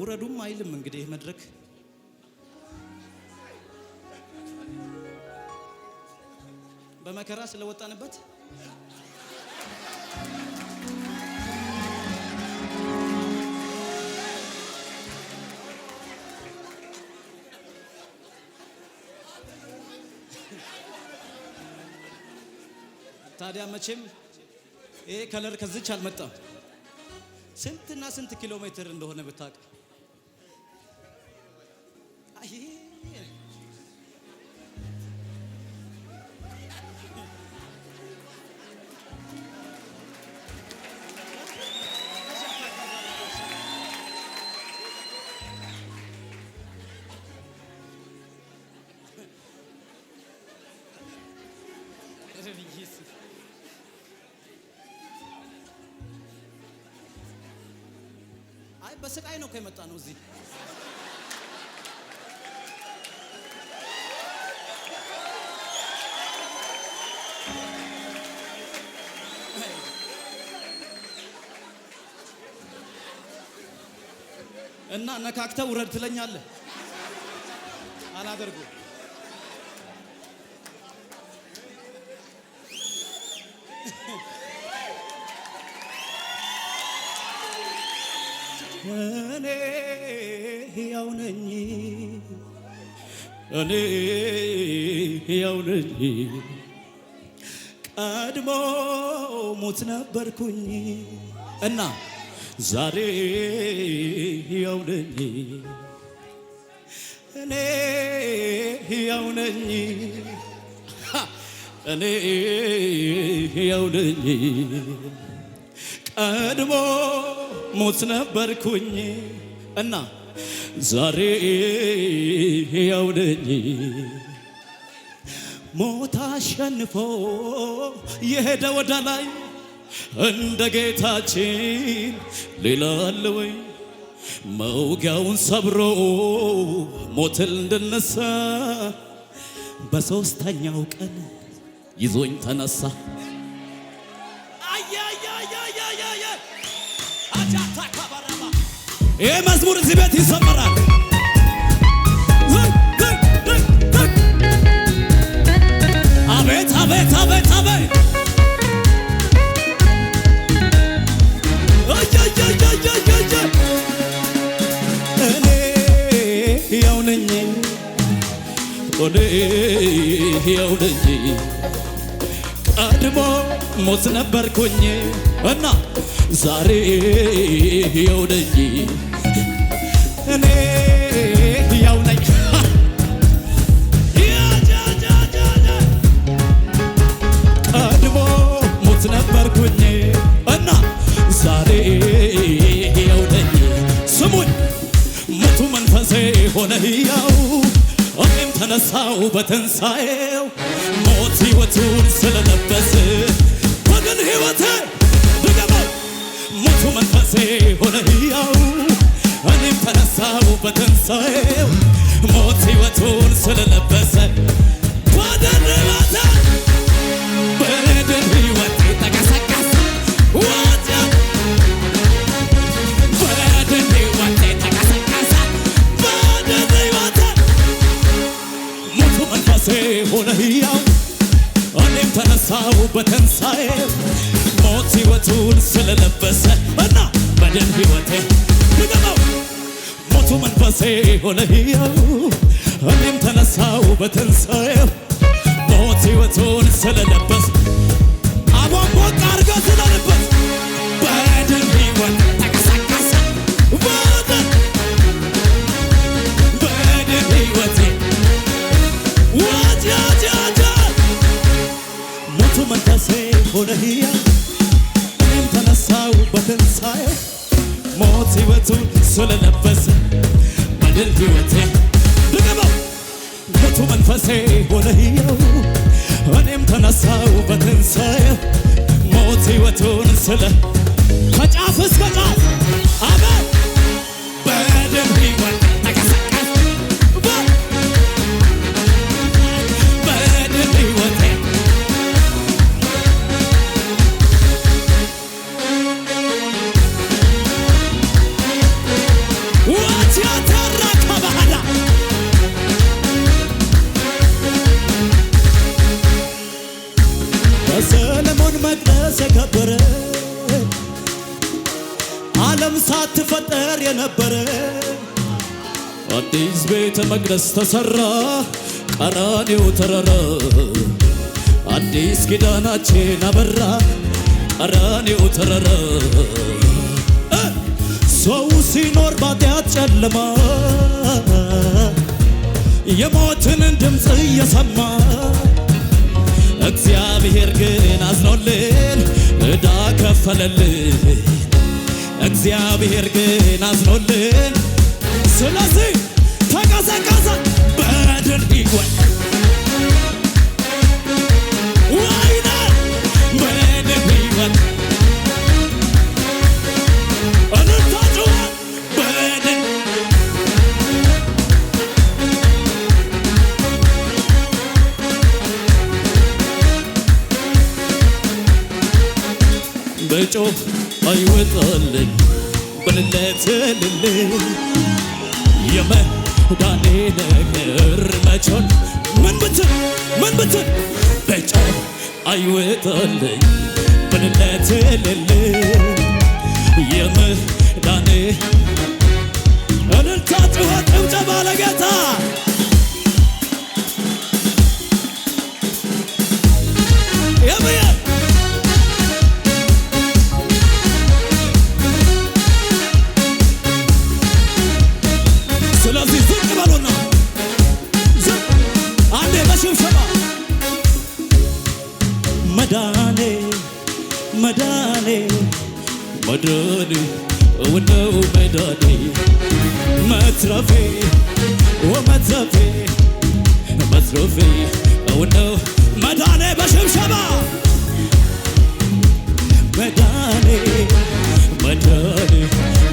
ውረዱም አይልም። እንግዲህ ይህ መድረክ በመከራ ስለወጣንበት ታዲያ መቼም ይሄ ከለር ከዝች አልመጣም። ስንትና ስንት ኪሎ ሜትር እንደሆነ ብታውቅ I hear it. አይ በስቃይ ነው ከመጣ ነው እዚህ እና ነካክተህ ውረድ ትለኛለህ። አላደርጉም። እኔ ያው ነኝ፣ እኔ ሕያው ነኝ። ቀድሞ ሙት ነበርኩኝ እና ዛሬ ነኝ እኔ ሕያው እኔ ሕያው ቀድሞ ሞት ነበርኩኝ እና ዛሬ ሕያው ነኝ ሞት አሸንፎ የሄደ ወደ ላይ እንደ ጌታችን ሌላ አለ ወይ? መውጊያውን ሰብሮ ሞትን እንድነሳ በሦስተኛው ቀን ይዞኝ ተነሳ። ይህ መዝሙር እዚህ ቤት ይሰመራል። አቤት አቤት አቤት አቤት ቢሆን ይሄው ልጅ ቀድሞ ሞት ነበርኩኝ እና ዛሬ ይሄው ልጅ እኔ በትንሣኤው ሞት ሕይወቱን ስለለበሰ ወገን ሕይወቴ ድገመው ሞቱ መንፈሴ ሆነ ሕያው እኔም ተነሳው በትንሣኤው ሞት ሕይወቱን ስለለበሰ በተነሳው በትንሣኤ ሞት ሕይወቱን ስለለበሰ እና በደም ሕይወቴ ንገባው ሞቱ መንፈሴ ሆነ ሕያው እኔም ተነሳው በትንሣኤ ሞት ሕይወቱን ስለለበሰ ዳሴ ሆነ እኔም ተነሳው በትንሣኤው ሞት ሕይወቱን ስለለበሰ በድል ሕይወቴ ድገመው ሕይወቱ መንፈሴ ሆነ እኔም ተነሳው በትንሣኤው ሞት ሕይወቱን ስለ ከጫፍ እስከ ጫፍ አሜን በደም ሕይወቴ ዓለም ሳትፈጠር የነበረ አዲስ ቤተ መቅደስ ተሰራ ቀራኔው ተረራ አዲስ ኪዳናችን አበራ ቀራኔው ተረራ ሰው ሲኖር ባጢአት ጨለማ የሞትንን ድምፅ እየሰማ እግዚአብሔር ግን አዝኖልን እዳ ከፈለልን እግዚአብሔር ግን አዝኖልን ስለዚህ ተቀዘቀዘ በድን ቢወድ ወይነ በድን ቢወድ እንታጩ በድን በጮህ አይወጣልኝ በልለት እልል የመዳኔ ነገር መቾን ምን ብትል ምን ብትል በጫው አይወጣልኝ በልለት እልል የመዳኔ እውነው መዳኔ መትረፌ ወመትረፌ መትረፌ እውነው መዳኔ በሽብሸባ መዳኔ መዳኔ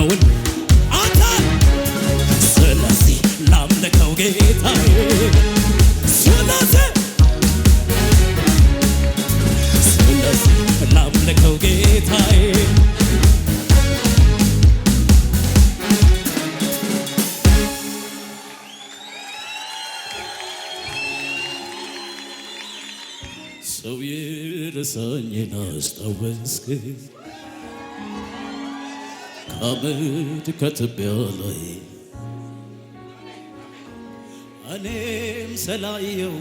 እውን አንተ ስለዚህ ላምልከው ጌታዬ ስለዚህ ላምልከው ጌታዬ አስታወስክ ከአመድ ከትቢያ ላይ እኔም ስላየው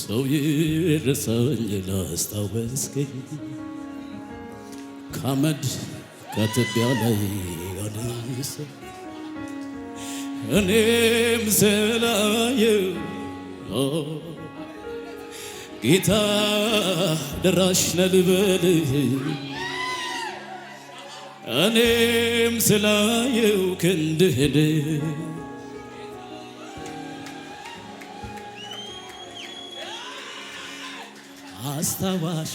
ሰው ይርሳኝ ላስታወስከኝ ከአመድ ከትቢያ ላይ እኔም ስላየው ጌታ ደራሽ ነልበል እኔም ስላየው ክንድህን አስታዋሽ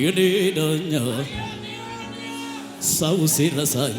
የኔ ዳኛ ሰው ሲረሳኝ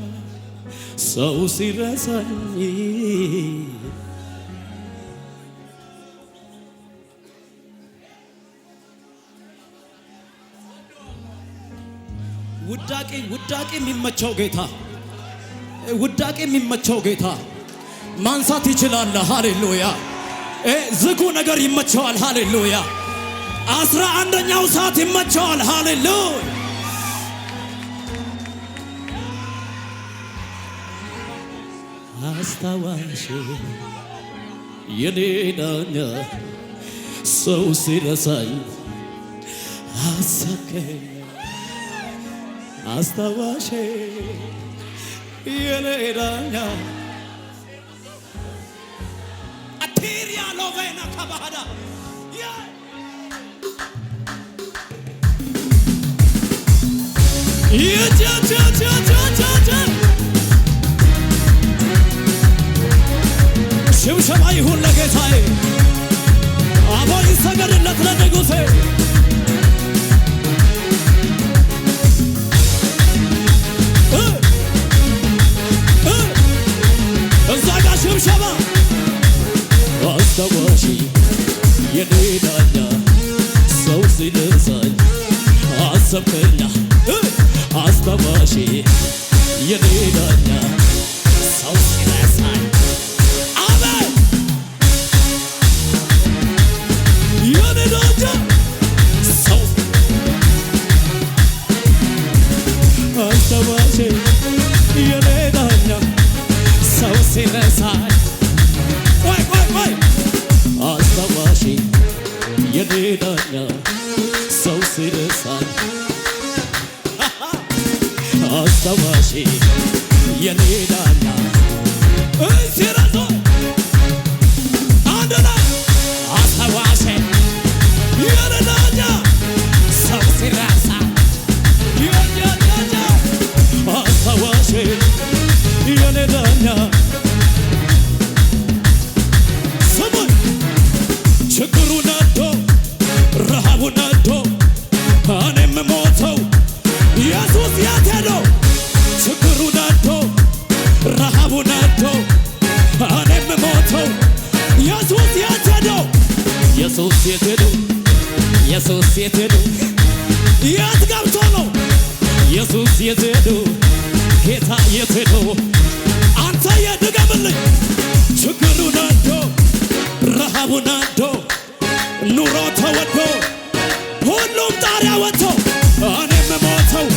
ሰው ሲረሳኝ ውዳቄ ውዳቄ የሚመቸው ጌታ ውዳቄ የሚመቸው ጌታ ማንሳት ይችላል። ሃሌሉያ ዝጉ ነገር ይመቸዋል። ሃሌሉያ አስራ አንደኛው ሰዓት ይመቸዋል። ሃሌሉያ አስታዋሽ የኔ ሰው ሲረሳኝ አሳከ አስታዋሽ የኔ ዳኛ ሎቬና ከባህዳ Yeah, ሽብሸባ ይሁን ለጌታዬ፣ አቦ ይሰገድለት ለንጉሴ። እዛ ጋ ሽብሸባ አስታዋሺ የኔ ሰው ሲነሳኝ አሰብከኛ አስታዋሺ የኔ ሰው ሲነ ይረሳል። ቆይ ቆይ ቆይ አስታዋሽ የኔ ዳኛ ሰው ሲረሳል አስታዋሽ የኔ ዳኛ ሲረሳ ሰው ሲረሳ የኔ ዳኛ የኔ ዳኛ ኢየሱስ የት ሄዱ? የት ገብቶ ነው? ኢየሱስ የት ሄዱ? ጌታ የት ሄዱ? አንተ የድገምልኝ ችግሩን አዶ ረሃቡን አዶ ኑሮ ተወዶ ሁሉም ጣሪያ ወጥቶ እኔም ሞተው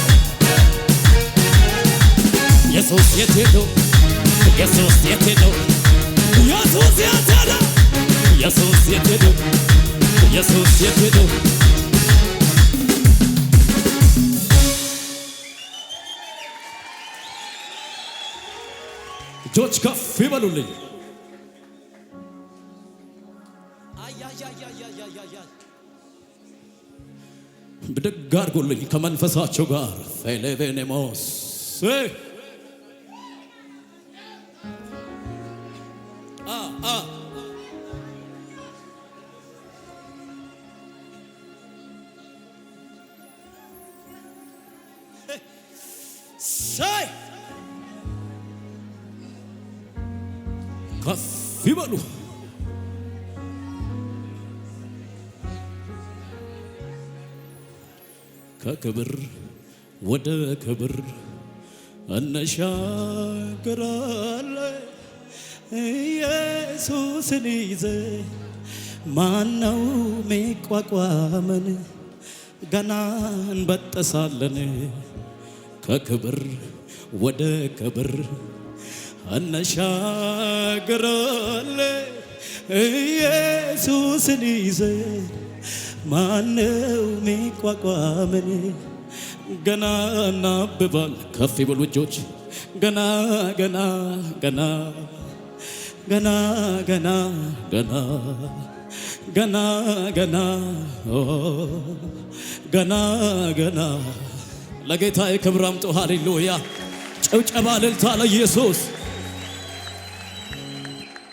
ኢየሱስ የት ሄዱ? ኢየሱስ የት ሄዱ? ኢየሱስ የት ሄዱ? ኢየሱስ የት ሄዱ? ኢየሱስ የት ሄዱ? እጆች ከፍ ይበሉልኝ። ብድግ አድርጉልኝ ከመንፈሳቸው ጋር ፌሌቬኔሞስ ይበሉ። ከክብር ወደ ክብር እንሻገራለን ኢየሱስን ማን ነው ሚቋቋመን? ገና እንበጠሳለን ከክብር ወደ ክብር እናሻግራለን ኢየሱስን ይዘን ማነው ሚቋቋመን? ገና እናብባል ከፍ ይበሉ እጆች ገና ገና ገና ገና ገና ገና ገና ገና ገና ገና ለጌታ የክብር አምጡ። ሃሌሉያ! ጭብጨባ እልልታ ለኢየሱስ